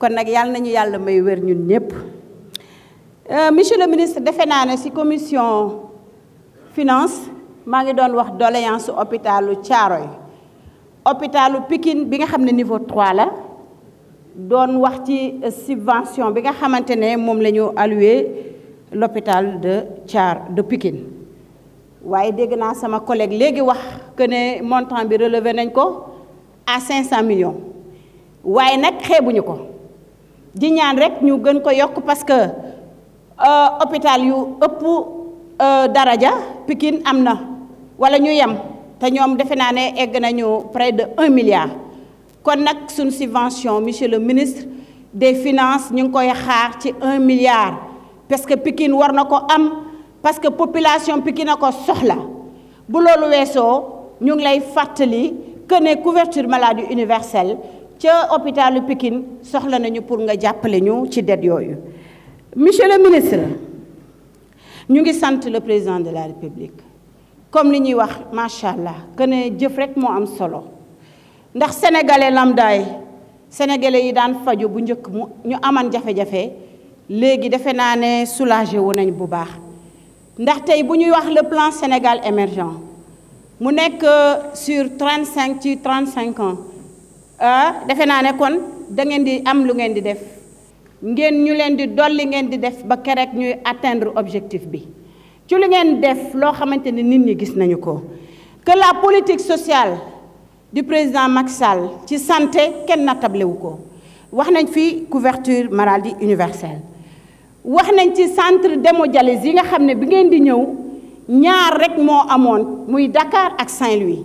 kon nag yàlla nañu yàlla may wér ñun ñëpp euh, monsieur le ministre defe naa ne ci commission finance maa ngi doon wax doléance hôpitalu Thiaroye hôpitalu Pikine bi nga xam ne niveau 3 la doon wax ci subvention bi nga xamante ne moom la ñu alloué l'hôpital de Thiar de Pikine waaye dégg naa sama collègue léegi wax que ne montant bi relevé nañ ko à 500 millions waaye nag xeebuñu ko di ñaan rek ñu gën ko yokk parce que euh, hôpital yu ëpp euh, daraja Pikine amna wala ñu yam té ñom défé na né egg nañu près de 1 milliard kon nak suñ subvention monsieur le ministre des finances ñu koy xaar ci 1 milliard parce que Pikine war na ko am parce que population Pikine a ko soxla bu lolu wesso ñu lay que né couverture maladie universelle hôpital Pikine soxla pour monsieur le ministre nous ngi le président de la république comme li ñuy wax macha que ne jëf rek am solo ndax sénégalais sénégalais yi daan faju bu ñu le plan Sénégal émergent mu nekk euh, sur 35 ci 35 ans Ah, defe naa ne kon da ngeen di am lu ngeen di def ngeen ñu leen di dolli ngeen di def ba kerek ñuy atteindre objectif bi ci lu ngeen def loo xamante ni nit ñi gis nañu ko que la politique sociale di président Macky Sall ci santé kenn nattable wu ko wax nañ fi couverture maladie universelle wax nañ ci centre d'hémodialyse yi nga xam ne bi ngeen di ñëw ñaar rek moo amoon muy Dakar ak Saint-Louis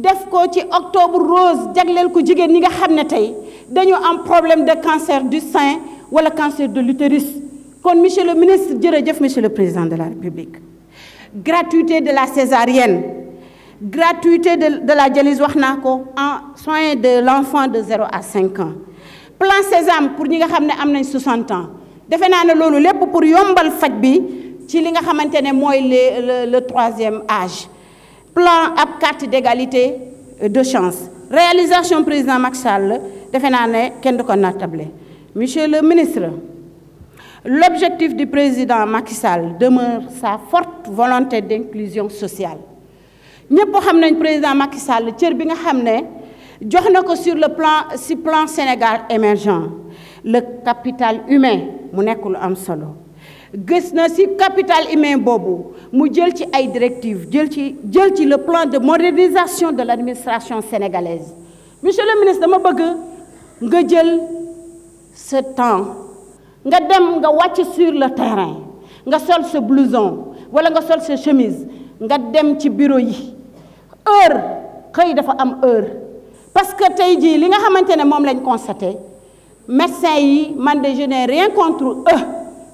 def ko ci octobre rose jagleel ko jigéen nga xam tay dañu am problème de cancer du sein wala cancer de l'utérus kon monsieur le ministre jërëjëf monsieur le président de la république gratuité de la césarienne gratuité de de la dialyse waxna ko en soins de l'enfant de 0 à 5 ans plan Sésame pour ñi nga xam 60 am nañ ans defé naa ne lépp pour yombal faj bi ci li nga le le troisième âge plan ab carte d'égalité euh, de chance réalisation président Macky Sall defe naa kenn du ko monsieur le ministre l'objectif du président Macky Sall demeure sa forte volonté d'inclusion sociale ñepp xam le président Macky Sall cër bi nga xamné sur le plan si plan Sénégal émergent le capital humain mu nekk gis capital humain directives jël le plan de modernisation de l'administration sénégalaise monsieur le ministre dama bëgg nga jël ce temps nga dem sur le terrain nga sol blouson wala nga sol chemise nga dem ci bureau heure dafa am parce que tey li nga constaté yi man je n'ai rien contre eux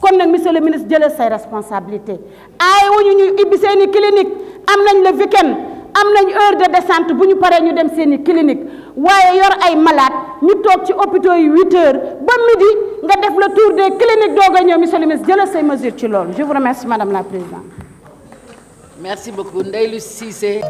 Comme M. monsieur le ministre jëlal say responsabilité Aïe, wuñu ñu ibbi une clinique am nañ le weekend am nañ heure de descente pour nous parler ñu dem clinique waaye yor ay malade Nous toog ci hôpitaux yi 8 heures Bon midi nga def le tour des cliniques clinique M. monsieur le ministre il say mesures ci mesures. je vous remercie madame la présidente merci beaucoup Ndeye Lucie